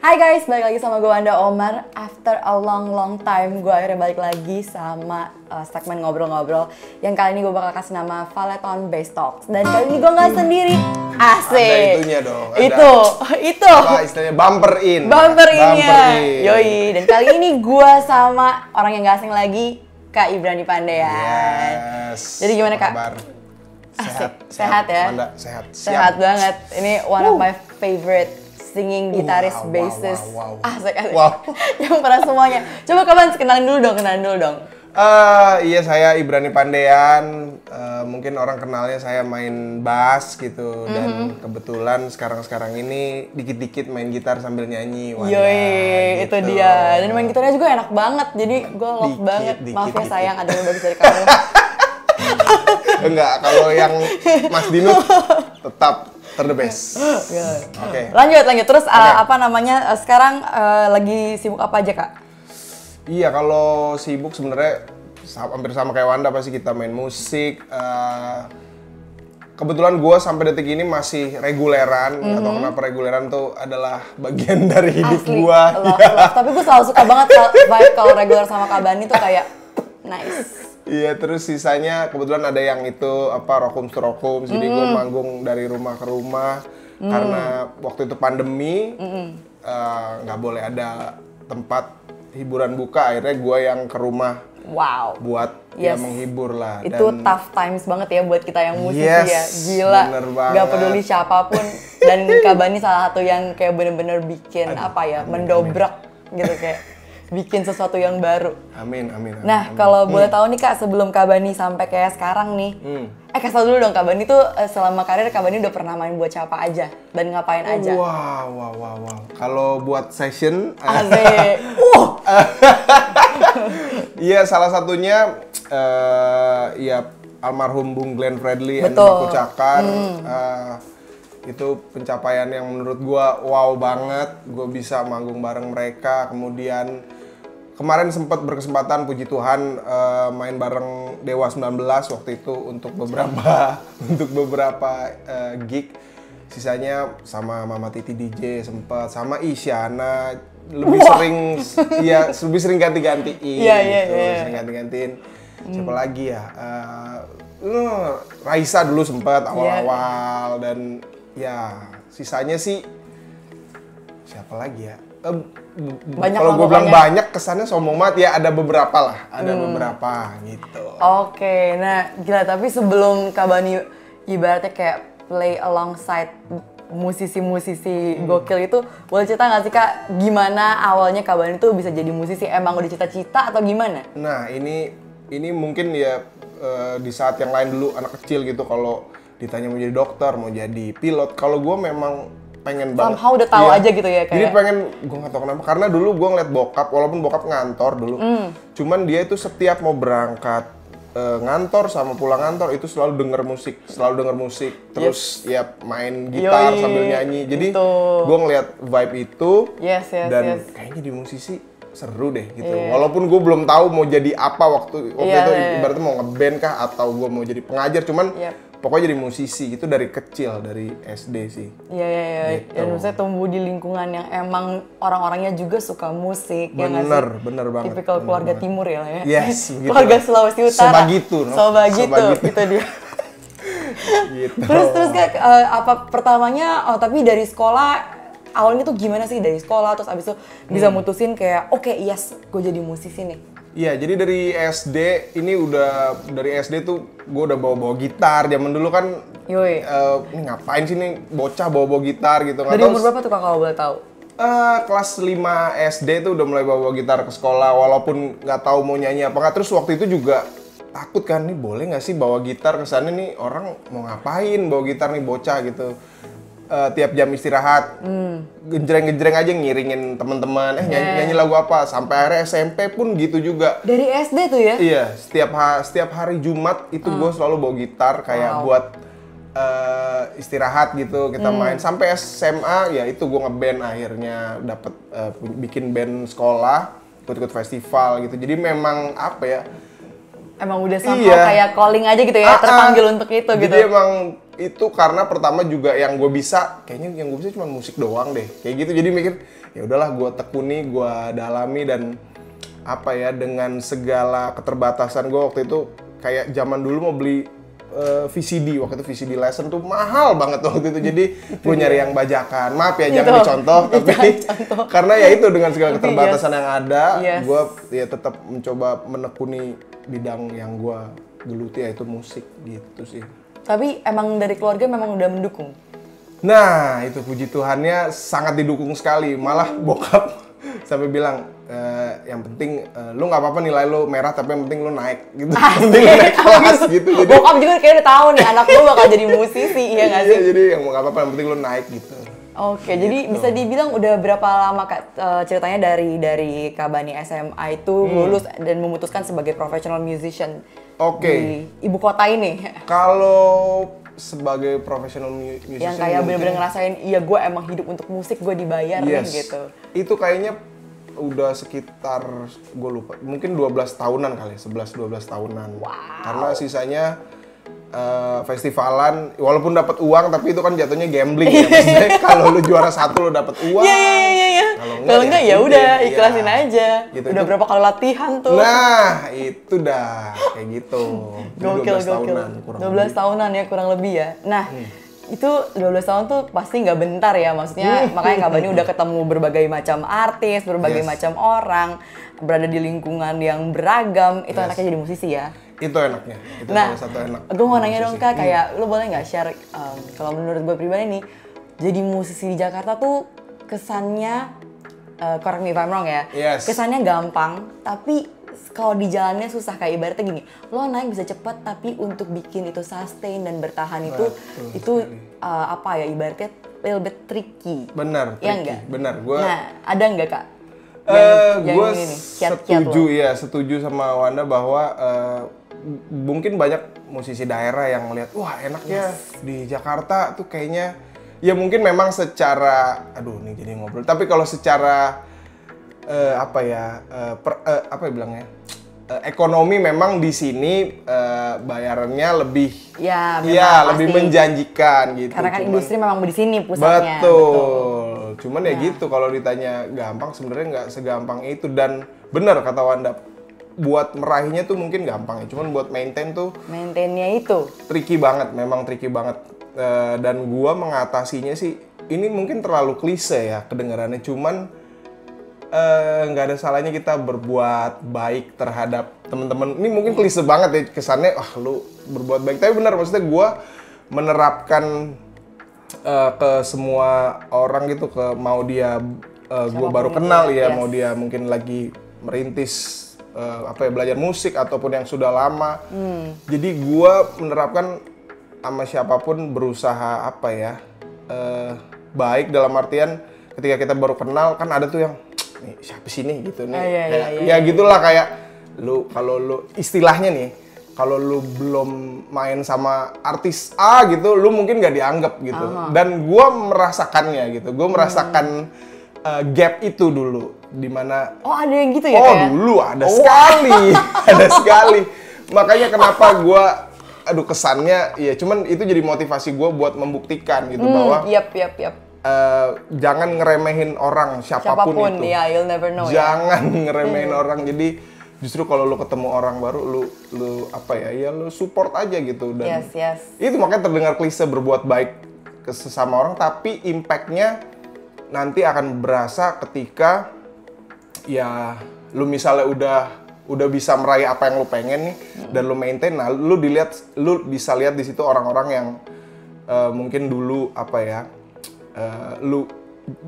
Hai guys, balik lagi sama gue Wanda Omar. After a long long time, gue akhirnya balik lagi sama uh, segmen ngobrol-ngobrol yang kali ini gue bakal kasih nama Valeton Base Talks. Dan kali ini gue nggak sendiri. Asik. Ada itunya dong. Ada itu, itu. Apa istilahnya bumper in. Bumper in ya. Yoi. Dan kali ini gue sama orang yang gak asing lagi, Kak Ibrani Pandean. Ya. Yes. Jadi gimana Kak? Sehat, sehat, sehat, ya. Wanda, sehat. Siap. Sehat banget. Ini one of my favorite singing gitaris, wow, bassist, wow, wow, wow. asik ah, asik. Wow. yang pernah semuanya. Coba kapan kenalin dulu dong, kenalin dulu dong. Uh, iya saya Ibrani Pandean, uh, mungkin orang kenalnya saya main bass gitu mm-hmm. dan mhm. kebetulan sekarang-sekarang ini dikit-dikit main gitar sambil nyanyi. Yoi, gitu. itu dia. Dan main gitarnya juga enak banget, jadi gue love dikit, banget. Dikit, Maaf ya sayang, ada yang bagus dari kamu. Enggak, kalau yang Mas Dino tetap ter Oke. Okay. Lanjut lanjut terus uh, okay. uh, apa namanya uh, sekarang uh, lagi sibuk apa aja kak? Iya kalau sibuk sebenarnya hampir sama kayak Wanda pasti kita main musik. Uh, kebetulan gue sampai detik ini masih reguleran mm -hmm. atau kenapa reguleran tuh adalah bagian dari hidup gue. Ya. Tapi gue selalu suka banget kalau reguler sama Kak Bani tuh kayak nice. Iya terus sisanya kebetulan ada yang itu apa rokum serokum jadi mm. gue manggung dari rumah ke rumah mm. karena waktu itu pandemi eh, nggak mm -mm. uh, boleh ada tempat hiburan buka akhirnya gue yang ke rumah wow buat ya yes. ya menghibur lah itu tough times banget ya buat kita yang musisi ya. yes, ya gila nggak peduli siapapun dan Kabani salah satu yang kayak bener-bener bikin Aduh, apa ya mendobrak gitu kayak bikin sesuatu yang baru. Amin, amin. amin nah, kalau boleh hmm. tahu nih Kak, sebelum Kak Bani sampai kayak sekarang nih. Hmm. Eh, kasih dulu dong Kak Bani tuh eh, selama karir Kak Bani udah pernah main buat siapa aja dan ngapain oh, aja? Wow, wow, wow, wow. Kalau buat session eh, Asik. uh. Iya, salah satunya uh, ya almarhum Bung Glenn Fredly dan Andi Cakar. Hmm. Uh, itu pencapaian yang menurut gua wow banget Gua bisa manggung bareng mereka kemudian kemarin sempat berkesempatan puji Tuhan uh, main bareng Dewa 19 waktu itu untuk beberapa untuk beberapa uh, gig sisanya sama Mama Titi DJ sempat sama Isyana lebih Wah. sering ya lebih sering ganti-gantiin yeah, iya, gitu yeah. sering ganti-gantiin hmm. siapa lagi ya uh, Raisa dulu sempat iya. awal-awal yeah. dan ya sisanya sih siapa lagi ya Eh, banyak kalau gue bilang banyak kesannya sombong banget ya ada beberapa lah ada hmm. beberapa gitu oke okay. nah gila tapi sebelum Kabani ibaratnya kayak play alongside musisi-musisi hmm. gokil itu boleh cerita nggak sih kak gimana awalnya Kabani tuh bisa jadi musisi emang udah cita-cita atau gimana nah ini ini mungkin ya uh, di saat yang lain dulu anak kecil gitu kalau ditanya mau jadi dokter mau jadi pilot kalau gue memang pengen banget. Somehow udah tahu iya. aja gitu ya kayak. Jadi ya? pengen gue gak tau kenapa karena dulu gue ngeliat bokap walaupun bokap ngantor dulu. Mm. Cuman dia itu setiap mau berangkat e, ngantor sama pulang ngantor itu selalu denger musik, selalu denger musik, terus yes. ya main gitar Yoi, sambil nyanyi. Jadi gitu. gue ngeliat vibe itu yes, yes, dan yes. kayaknya di musisi seru deh gitu. Yeah. Walaupun gue belum tahu mau jadi apa waktu waktu yeah, itu yeah, iya. ibaratnya mau ngeband kah atau gue mau jadi pengajar, cuman yep pokoknya jadi musisi itu dari kecil dari SD sih. Iya iya iya. Ya, gitu. Dan maksudnya tumbuh di lingkungan yang emang orang-orangnya juga suka musik. Ya bener ya bener banget. Tipikal bener keluarga banget. timur ya. ya. Yes. Begitu. Keluarga Sulawesi Utara. Sobagitu. No? Sobagitu. Itu gitu dia. gitu. Terus terus kayak eh, apa pertamanya? Oh tapi dari sekolah awalnya tuh gimana sih dari sekolah terus abis itu hmm. bisa mutusin kayak oke okay, yes gue jadi musisi nih Iya, jadi dari SD ini udah dari SD tuh gue udah bawa-bawa gitar. Zaman dulu kan, Yoi. Uh, ini ngapain sih nih bocah bawa-bawa gitar gitu. dari umur berapa tuh kalau boleh tahu? Uh, kelas 5 SD tuh udah mulai bawa, -bawa gitar ke sekolah walaupun nggak tahu mau nyanyi apa nggak. Terus waktu itu juga takut kan nih boleh nggak sih bawa gitar ke sana nih orang mau ngapain bawa gitar nih bocah gitu uh, tiap jam istirahat mm. genjreng-genjreng aja ngiringin teman-teman eh nyanyi, yeah. nyanyi lagu apa sampai akhirnya SMP pun gitu juga dari SD tuh ya iya setiap ha setiap hari Jumat itu mm. gue selalu bawa gitar kayak wow. buat uh, istirahat gitu kita hmm. main sampai SMA ya itu gue ngeband akhirnya dapat uh, eh, bikin band sekolah ikut-ikut festival gitu jadi memang apa ya emang udah sama iya. kayak calling aja gitu ya, ah, ah. terpanggil untuk itu gitu. Jadi emang itu karena pertama juga yang gue bisa kayaknya yang gue bisa cuma musik doang deh kayak gitu jadi mikir ya udahlah gue tekuni gue dalami dan apa ya dengan segala keterbatasan gue waktu itu kayak zaman dulu mau beli uh, eh, VCD waktu itu VCD lesson tuh mahal banget waktu itu jadi gue nyari iya. yang bajakan maaf ya jangan dicontoh tapi kan contoh. karena ya itu dengan segala keterbatasan yes. yang ada yes. gue ya tetap mencoba menekuni bidang yang gue geluti yaitu musik gitu sih tapi emang dari keluarga memang udah mendukung. Nah, itu puji Tuhannya sangat didukung sekali. Malah bokap sampai bilang e, yang penting e, lu nggak apa-apa nilai lu merah tapi yang penting lu naik gitu. Yang penting lu naik kelas gitu. Jadi bokap juga kayak udah tau nih anak lu bakal jadi musisi iya nggak iya, sih? Iya, jadi yang nggak apa-apa yang penting lu naik gitu. Oke, gitu. jadi bisa dibilang udah berapa lama kak eh, ceritanya dari dari Kabani SMA itu hmm. lulus dan memutuskan sebagai professional musician okay. di ibu kota ini. Kalau sebagai profesional musician yang kayak bener-bener ngerasain iya gue emang hidup untuk musik gue dibayar yes. nih gitu itu kayaknya udah sekitar gue lupa mungkin 12 tahunan kali 11 12 tahunan wow. karena sisanya uh, festivalan walaupun dapat uang tapi itu kan jatuhnya gambling ya kalau lu juara satu lu dapat iya, uang yeah, yeah, yeah, yeah. kalau ya enggak ya udah iya. ikhlasin ya. aja gitu, udah itu. berapa kali latihan tuh nah itu dah kayak gitu gokil 12 gokil tahunan, 12 lebih. tahunan ya kurang lebih ya nah hmm itu 12 tahun tuh pasti nggak bentar ya maksudnya makanya Kak Bani udah ketemu berbagai macam artis, berbagai yes. macam orang, berada di lingkungan yang beragam, itu yes. enaknya jadi musisi ya. Itu enaknya. Itu nah, salah satu enak. Gue mau nanya dong Kak, kayak lo hmm. lu boleh nggak share um, kalau menurut gue pribadi nih jadi musisi di Jakarta tuh kesannya uh, correct me if I'm wrong ya. Yes. Kesannya gampang, tapi kalau di jalannya susah kayak ibaratnya gini lo naik bisa cepet tapi untuk bikin itu sustain dan bertahan itu Betul, itu uh, apa ya ibaratnya little bit tricky benar ya enggak benar gue. nah ada enggak kak uh, eh, gue setuju lo. ya setuju sama Wanda bahwa uh, mungkin banyak musisi daerah yang melihat wah enaknya yes. di Jakarta tuh kayaknya ya mungkin memang secara aduh nih jadi ngobrol tapi kalau secara uh, apa ya uh, per, uh, apa ya bilangnya uh, ekonomi memang di sini uh, bayarannya lebih ya, ya lebih menjanjikan gitu. Karena kan industri memang di sini pusatnya. Betul. betul. Cuman ya, ya gitu kalau ditanya gampang sebenarnya nggak segampang itu dan benar kata Wanda buat meraihnya tuh mungkin gampang ya, cuman buat maintain tuh maintainnya itu tricky banget, memang tricky banget uh, dan gua mengatasinya sih ini mungkin terlalu klise ya kedengarannya cuman Eh, nggak uh, ada salahnya kita berbuat baik terhadap teman-teman. Ini mungkin klise banget ya kesannya, wah oh, lu berbuat baik. Tapi benar maksudnya gue menerapkan uh, ke semua orang gitu, ke mau dia uh, eh, gue baru kenal ya, yes. mau dia mungkin lagi merintis uh, apa ya belajar musik ataupun yang sudah lama. Hmm. Jadi gue menerapkan sama siapapun berusaha apa ya uh, baik dalam artian ketika kita baru kenal kan ada tuh yang nih siapa sih nih gitu nih. Ah, iya, iya, iya, ya, iya, ya gitulah kayak lu kalau lu istilahnya nih kalau lu belum main sama artis A gitu, lu mungkin nggak dianggap gitu. -huh. Dan gue merasakannya gitu, gue hmm. merasakan hmm. uh, gap itu dulu, dimana oh ada yang gitu ya? Oh kayak? dulu ada oh. sekali, ada sekali. Makanya kenapa gue aduh kesannya ya cuman itu jadi motivasi gue buat membuktikan gitu hmm, bahwa yep, yep, yep Eh, jangan ngeremehin orang siapapun, siapapun itu. Yeah, you'll never know. Ya. Jangan ya? ngeremehin hmm. orang. Jadi justru kalau lu ketemu orang baru lu lu apa ya ya lu support aja gitu dan yes, yes. itu makanya terdengar klise berbuat baik ke sesama orang tapi impactnya nanti akan berasa ketika ya lu misalnya udah udah bisa meraih apa yang lu pengen nih hmm. dan lu maintain nah lu dilihat lu bisa lihat di situ orang-orang yang uh, mungkin dulu apa ya uh, lu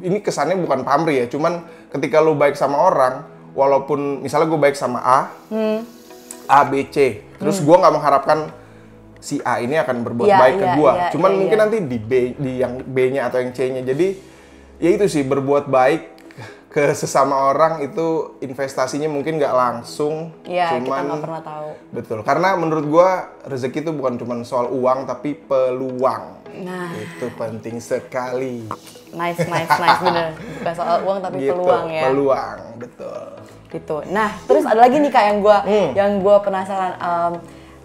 ini kesannya bukan pamri ya, cuman ketika lu baik sama orang, walaupun misalnya gue baik sama A, hmm. A B C, terus hmm. gue nggak mengharapkan si A ini akan berbuat ya, baik ya, ke gue, ya, cuman ya, mungkin ya. nanti di B di yang B-nya atau yang C-nya, jadi ya itu sih berbuat baik ke sesama orang itu investasinya mungkin nggak langsung, ya, cuman kita pernah tahu. betul karena menurut gue rezeki itu bukan cuma soal uang tapi peluang Nah, itu penting sekali. Nice, nice, nice bener. Bukan soal uang tapi gitu, peluang ya. Peluang, betul. Gitu. Nah, terus ada lagi nih kak yang gue hmm. yang gue penasaran. Um,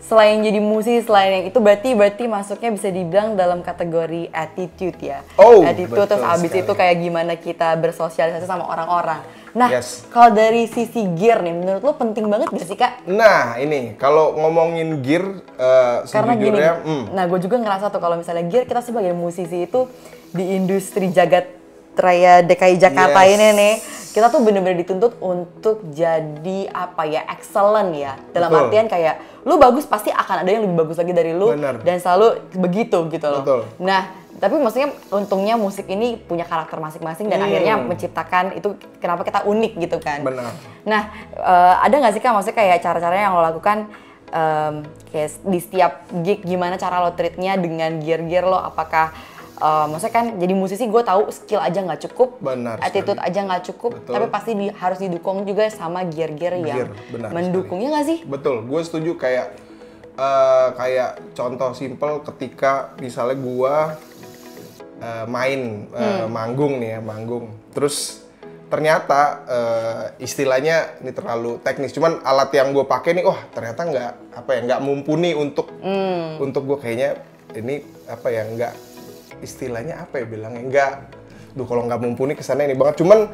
selain jadi musisi selain yang itu berarti berarti masuknya bisa dibilang dalam kategori attitude ya. Oh, attitude terus abis sekali. itu kayak gimana kita bersosialisasi sama orang-orang. Nah, yes. kalau dari sisi gear nih, menurut lo penting banget gak sih kak? Nah, ini kalau ngomongin gear, uh, karena gini, mm. nah gue juga ngerasa tuh kalau misalnya gear kita sebagai musisi itu di industri jagat raya DKI Jakarta yes. ini nih, kita tuh bener-bener dituntut untuk jadi apa ya excellent ya, dalam Betul. artian kayak lu bagus pasti akan ada yang lebih bagus lagi dari lu Bener. dan selalu begitu gitu loh. Betul. Nah tapi maksudnya untungnya musik ini punya karakter masing-masing dan hmm. akhirnya menciptakan itu kenapa kita unik gitu kan. Benar. Nah, uh, ada nggak sih kak maksudnya kayak cara-caranya yang lo lakukan um, kayak di setiap gig gimana cara lo treatnya dengan gear-gear lo apakah Uh, maksudnya kan jadi musisi gue tahu skill aja nggak cukup, benar attitude sekali. aja nggak cukup, betul. tapi pasti di, harus didukung juga sama gear-gear yang benar mendukungnya nggak sih? Betul, gue setuju kayak uh, kayak contoh simple ketika misalnya gue uh, main uh, hmm. manggung nih ya manggung terus ternyata uh, istilahnya ini terlalu teknis cuman alat yang gue pakai nih wah ternyata nggak apa ya nggak mumpuni untuk hmm. untuk gue kayaknya ini apa ya nggak istilahnya apa ya bilangnya nggak duh kalau nggak mumpuni kesannya ini banget cuman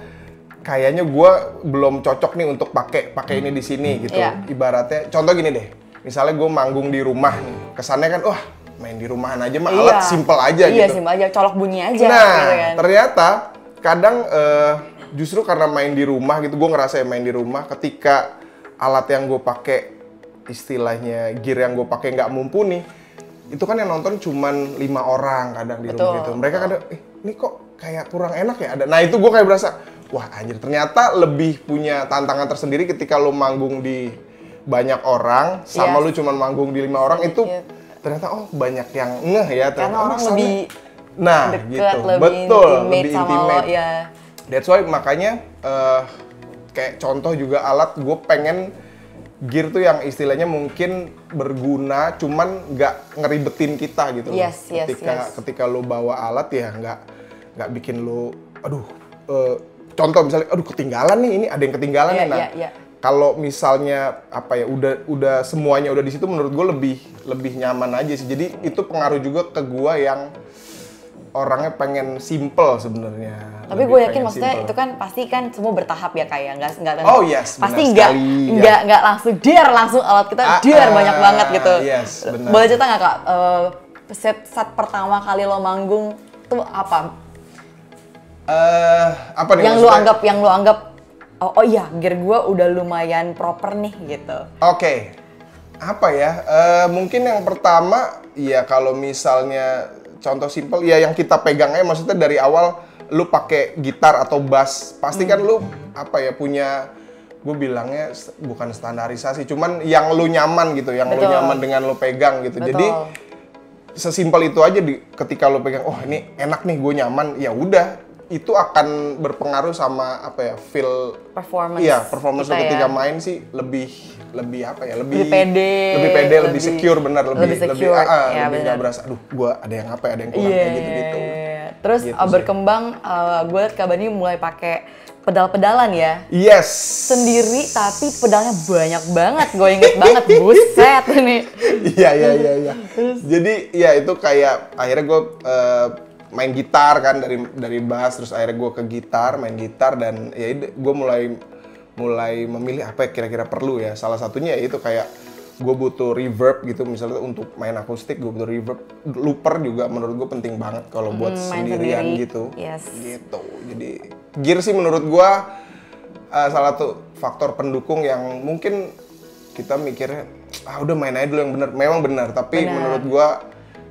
kayaknya gue belum cocok nih untuk pakai pakai ini di sini gitu yeah. ibaratnya contoh gini deh misalnya gue manggung di rumah kesannya kan wah main di rumahan aja mah iya. alat simple aja iya, gitu. Iya simple aja, colok bunyi aja. Gitu nah gitu kan. ternyata kadang uh, justru karena main di rumah gitu, gue ngerasa ya main di rumah ketika alat yang gue pakai istilahnya gear yang gue pakai nggak mumpuni, itu kan yang nonton cuma lima orang kadang di rumah gitu. Mereka kadang, eh ini kok kayak kurang enak ya ada. Nah itu gue kayak berasa, wah anjir ternyata lebih punya tantangan tersendiri ketika lo manggung di banyak orang sama yes. Iya. lu cuman manggung di lima orang itu yes ternyata oh banyak yang ngeh ya ternyata karena orang lebih nah deket, gitu lebih betul intimate lebih intimate sama lo, ya. that's why makanya uh, kayak contoh juga alat gue pengen gear tuh yang istilahnya mungkin berguna cuman nggak ngeribetin kita gitu yes, Yes, ketika yes. ketika lo bawa alat ya nggak nggak bikin lo aduh uh, contoh misalnya aduh ketinggalan nih ini ada yang ketinggalan yeah, nih nah yeah, yeah kalau misalnya apa ya udah udah semuanya udah di situ menurut gue lebih lebih nyaman aja sih jadi itu pengaruh juga ke gue yang orangnya pengen simple sebenarnya tapi gue yakin maksudnya simple. itu kan pasti kan semua bertahap ya kayak ya? nggak nggak oh yes pasti nggak ya. nggak nggak langsung dear langsung alat kita ah, dear ah, banyak banget gitu yes, bener. boleh cerita nggak kak uh, set set pertama kali lo manggung tuh apa Eh, uh, apa nih yang maksudnya? lu anggap yang lu anggap oh, oh iya gear gue udah lumayan proper nih gitu. Oke. Okay. Apa ya? Uh, mungkin yang pertama ya kalau misalnya contoh simple ya yang kita pegangnya maksudnya dari awal lu pakai gitar atau bass pasti kan hmm. lu apa ya punya gue bilangnya bukan standarisasi cuman yang lu nyaman gitu yang Betul. lu nyaman dengan lu pegang gitu Betul. jadi sesimpel itu aja di, ketika lu pegang oh ini enak nih gue nyaman ya udah itu akan berpengaruh sama apa ya feel performance iya performance kita ketika ya. main sih lebih lebih apa ya lebih lebih pede lebih pede lebih, lebih secure benar lebih lebih, secure, ah, ah, iya, lebih, uh, ya, lebih gak berasa aduh gue ada yang apa ya, ada yang kurang yeah. kayak gitu gitu terus gitu ah, berkembang uh, gue liat mulai pakai pedal-pedalan ya yes sendiri tapi pedalnya banyak banget gue inget banget buset nih iya iya iya iya jadi ya itu kayak akhirnya gue uh, main gitar kan dari dari bass terus akhirnya gue ke gitar main gitar dan ya gue mulai mulai memilih apa yang kira-kira perlu ya salah satunya ya itu kayak gue butuh reverb gitu misalnya untuk main akustik gue butuh reverb looper juga menurut gue penting banget kalau hmm, buat sendirian sendiri. gitu yes. gitu jadi gear sih menurut gue uh, salah satu faktor pendukung yang mungkin kita mikirnya ah udah main aja dulu yang benar memang benar tapi bener. menurut gue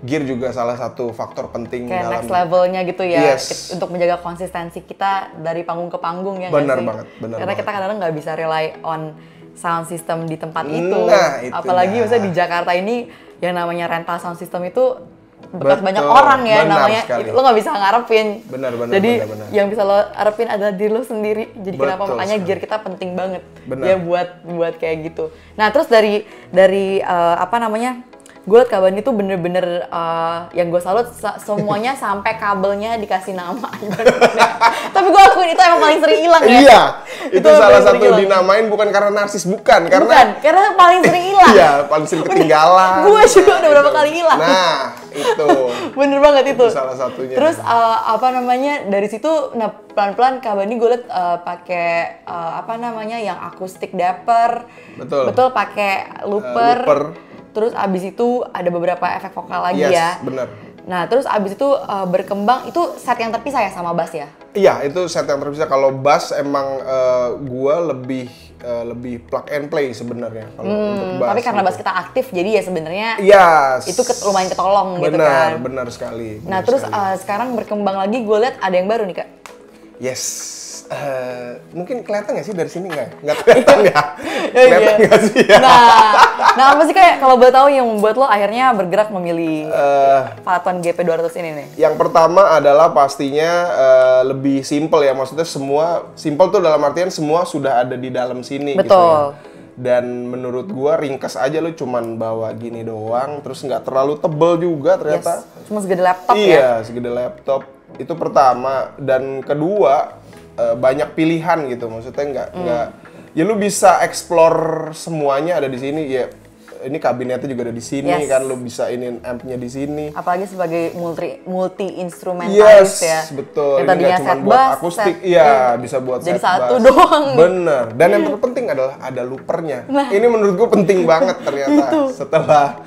gear juga salah satu faktor penting kayak dalam next levelnya gitu ya yes. untuk menjaga konsistensi kita dari panggung ke panggung ya benar banget benar karena banget. kita kadang kadang nggak bisa rely on sound system di tempat nah, itu. apalagi misalnya di Jakarta ini yang namanya rental sound system itu bekas Betul. banyak orang ya benar namanya sekali. lo nggak bisa ngarepin benar benar jadi benar, benar. yang bisa lo arepin adalah diri lo sendiri jadi Betul kenapa makanya sekali. gear kita penting banget benar. ya buat buat kayak gitu nah terus dari dari uh, apa namanya gue liat kabarnya tuh bener-bener uh, yang gue salut semuanya sampai kabelnya dikasih nama. Tapi gue akuin itu emang paling sering hilang ya. Iya, itu, itu salah satu ilang. dinamain bukan karena narsis, bukan karena bukan, karena paling sering hilang. iya, paling sering ketinggalan. gue juga udah berapa kali hilang. Nah, itu. Bener banget itu. itu salah satunya. Terus uh, apa namanya dari situ, nah pelan-pelan ini gue liat uh, pakai uh, apa namanya yang akustik dapper. Betul. Betul pakai looper. Uh, looper terus abis itu ada beberapa efek vokal lagi yes, ya. benar. Nah, terus abis itu uh, berkembang itu set yang terpisah ya sama bass ya? Iya, itu set yang terpisah. Kalau bass emang uh, gua lebih uh, lebih plug and play sebenarnya hmm, Tapi karena gitu. bass kita aktif jadi ya sebenarnya yes. itu ket, lumayan ketolong gitu bener, gitu kan. Benar, benar sekali. nah, terus sekali. Uh, sekarang berkembang lagi gue lihat ada yang baru nih, Kak. Yes Eh, mungkin kelihatan gak sih dari sini nggak? Nggak kelihatan ya? Iya. kelihatan nggak sih? Ya? Nah, nah apa sih kayak kalau boleh tahu yang membuat lo akhirnya bergerak memilih uh, Patton GP 200 ini nih? Yang pertama adalah pastinya uh, lebih simple ya, maksudnya semua simple tuh dalam artian semua sudah ada di dalam sini. Betul. Gitu ya dan menurut gua ringkas aja lu cuman bawa gini doang terus nggak terlalu tebel juga ternyata yes. cuma segede laptop iya, ya iya segede laptop itu pertama dan kedua uh, banyak pilihan gitu maksudnya nggak hmm. nggak mm. ya lu bisa explore semuanya ada di sini ya ini kabinetnya juga ada di sini yes. kan lu bisa ini ampnya di sini apalagi sebagai multi multi instrumentalis yes, ya betul ini tadinya cuma buat bass, akustik set, iya bisa buat jadi set satu bass. doang bener dan yang iya. terpenting adalah ada loopernya nah. ini menurut gue penting banget ternyata itu. setelah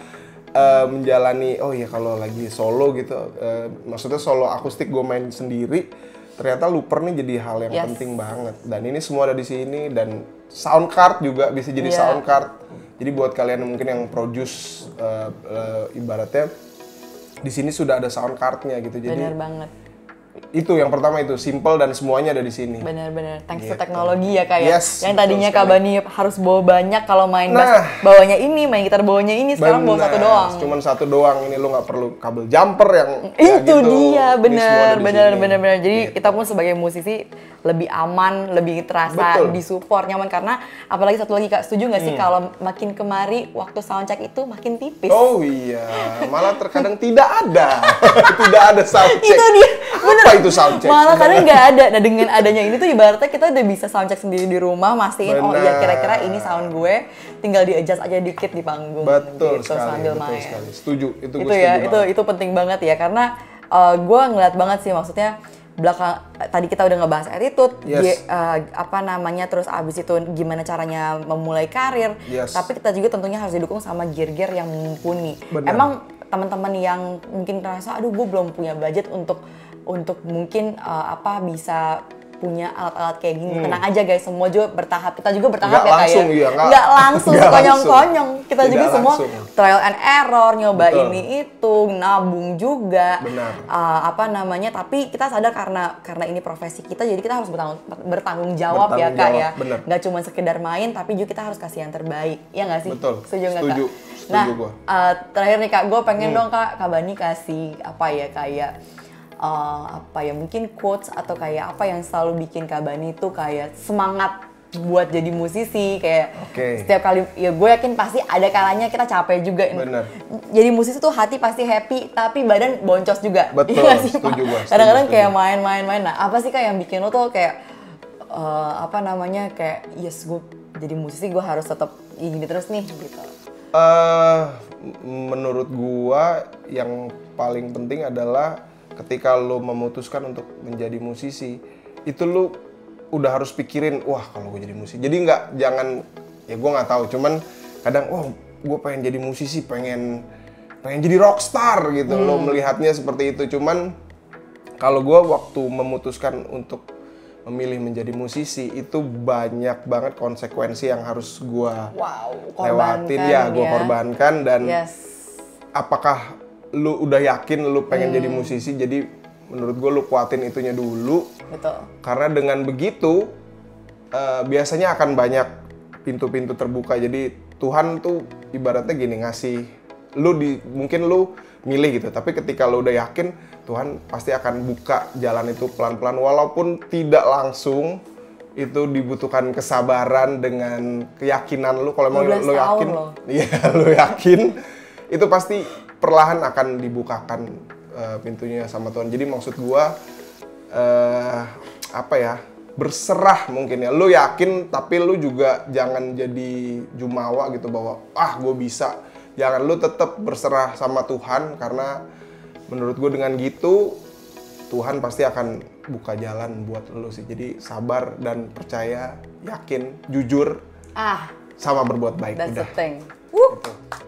uh, menjalani oh ya kalau lagi solo gitu uh, maksudnya solo akustik gue main sendiri ternyata looper nih jadi hal yang yes. penting banget dan ini semua ada di sini dan sound card juga bisa jadi yeah. sound card jadi buat kalian mungkin yang produce uh, uh, ibaratnya di sini sudah ada sound cardnya gitu jadi Bener banget itu yang pertama itu simple dan semuanya ada di sini. Benar-benar thanks gitu. to teknologi ya kayak ya. yes, yang tadinya Kak Bani harus bawa banyak kalau main nah, bass bawanya ini, main gitar bawanya ini, sekarang bener, bawa satu doang. Cuman satu doang ini lo nggak perlu kabel jumper yang mm, ya itu gitu, dia benar benar benar benar. Jadi gitu. kita pun sebagai musisi lebih aman, lebih terasa Betul. support nyaman karena apalagi satu lagi Kak setuju nggak sih hmm. kalau makin kemari waktu soundcheck itu makin tipis. Oh iya, malah terkadang tidak ada. tidak ada soundcheck. itu dia. benar apa itu sound check? Malah kadang nggak ada. Nah dengan adanya ini tuh ibaratnya kita udah bisa sound check sendiri di rumah, mastiin Benar. oh iya kira-kira ini sound gue, tinggal di adjust aja dikit di panggung. Betul gitu, sekali. Sambil betul main. sekali. Setuju. Itu, itu ya, itu itu penting banget ya karena uh, eh, gue ngeliat banget sih maksudnya belakang tadi kita udah ngebahas attitude yes. di, uh, apa namanya terus abis itu gimana caranya memulai karir yes. tapi kita juga tentunya harus didukung sama gear-gear yang mumpuni Bener. emang teman-teman yang mungkin terasa aduh gue belum punya budget untuk untuk mungkin uh, apa bisa punya alat-alat kayak gini. Hmm. Tenang aja guys, semua juga bertahap. Kita juga bertahap gak ya, ya langsung, kayak. Iya, nggak, langsung, konyong-konyong. Kita gak juga semua trial and error, nyoba Betul. ini itu, nabung juga. Benar. Uh, apa namanya? Tapi kita sadar karena karena ini profesi kita, jadi kita harus bertanggung, bertanggung jawab ya, bertanggung ya kak jawab. ya. Nggak cuma sekedar main, tapi juga kita harus kasih yang terbaik. Ya nggak sih? Betul. Setuju nggak kak? nah, Uh, terakhir nih kak, gue pengen hmm. dong kak, kak kasih apa ya kayak uh, apa ya mungkin quotes atau kayak apa yang selalu bikin Kabani itu kayak semangat buat jadi musisi kayak okay. setiap kali ya gue yakin pasti ada kalanya kita capek juga Bener. jadi musisi tuh hati pasti happy tapi badan boncos juga betul ya setuju gue kadang-kadang kayak main-main-main nah apa sih kak yang bikin lo tuh kayak uh, apa namanya kayak yes gue jadi musisi gue harus tetap gini terus nih gitu uh, menurut gue yang paling penting adalah ketika lo memutuskan untuk menjadi musisi itu lo udah harus pikirin wah kalau gue jadi musisi jadi nggak jangan ya gue nggak tahu cuman kadang wah oh, gue pengen jadi musisi pengen pengen jadi rockstar gitu hmm. lo melihatnya seperti itu cuman kalau gue waktu memutuskan untuk memilih menjadi musisi itu banyak banget konsekuensi yang harus gue wow, lewatin ya gue ya. korbankan dan yes. apakah lu udah yakin lu pengen hmm. jadi musisi jadi menurut gue lu kuatin itunya dulu betul karena dengan begitu uh, biasanya akan banyak pintu-pintu terbuka jadi Tuhan tuh ibaratnya gini ngasih lu di mungkin lu milih gitu tapi ketika lu udah yakin Tuhan pasti akan buka jalan itu pelan-pelan walaupun tidak langsung itu dibutuhkan kesabaran dengan keyakinan lu kalau emang lu yakin iya lu yakin itu pasti perlahan akan dibukakan uh, pintunya sama Tuhan. Jadi maksud gua uh, apa ya? berserah mungkin ya. Lu yakin tapi lu juga jangan jadi jumawa gitu bahwa ah gue bisa. Jangan lu tetap berserah sama Tuhan karena menurut gue dengan gitu Tuhan pasti akan buka jalan buat lu sih. Jadi sabar dan percaya, yakin, jujur. Ah. Sama berbuat baik. That's udah. the thing. Uh.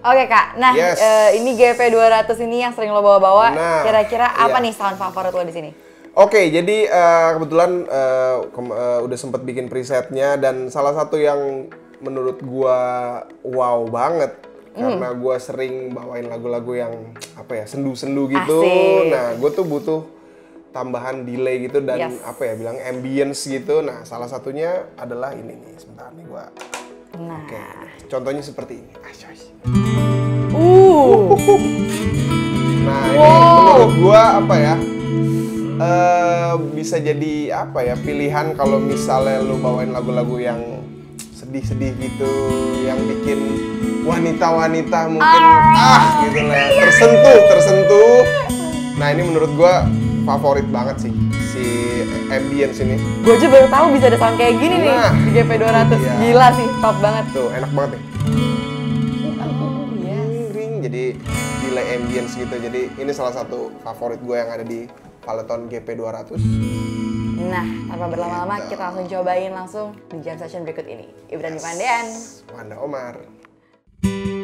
Oke okay, kak, nah yes. uh, ini GP 200 ini yang sering lo bawa-bawa. Nah, Kira-kira apa iya. nih sound favorit lo di sini? Oke, okay, jadi uh, kebetulan uh, uh, udah sempet bikin presetnya dan salah satu yang menurut gua wow banget mm. karena gua sering bawain lagu-lagu yang apa ya sendu-sendu gitu. Asik. Nah, gua tuh butuh tambahan delay gitu dan yes. apa ya bilang ambience gitu. Nah, salah satunya adalah ini nih. Sebentar nih gua Nah. Oke. Contohnya seperti ini. Ah, uh. Nah, wow. ini menurut gua apa ya? Uh, bisa jadi apa ya pilihan kalau misalnya lu bawain lagu-lagu yang sedih-sedih gitu yang bikin wanita-wanita mungkin ah, ah gitu lah tersentuh tersentuh nah ini menurut gua favorit banget sih si ambience ini. Gue aja baru tahu bisa ada sound kayak gini nah, nih di GP 200. Iya. Gila sih, top banget. Tuh, enak banget nih. Ring, jadi delay ambience gitu. Jadi ini salah satu favorit gue yang ada di Peloton GP 200. Nah, tanpa berlama-lama gitu. kita langsung cobain langsung di jam session berikut ini. Ibrani yes. Pandean. Wanda Omar.